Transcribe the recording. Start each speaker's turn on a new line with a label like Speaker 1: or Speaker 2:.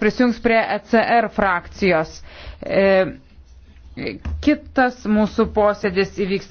Speaker 1: prisijungs prie ECR frakcijos. E, kitas mūsų posėdis įvyks.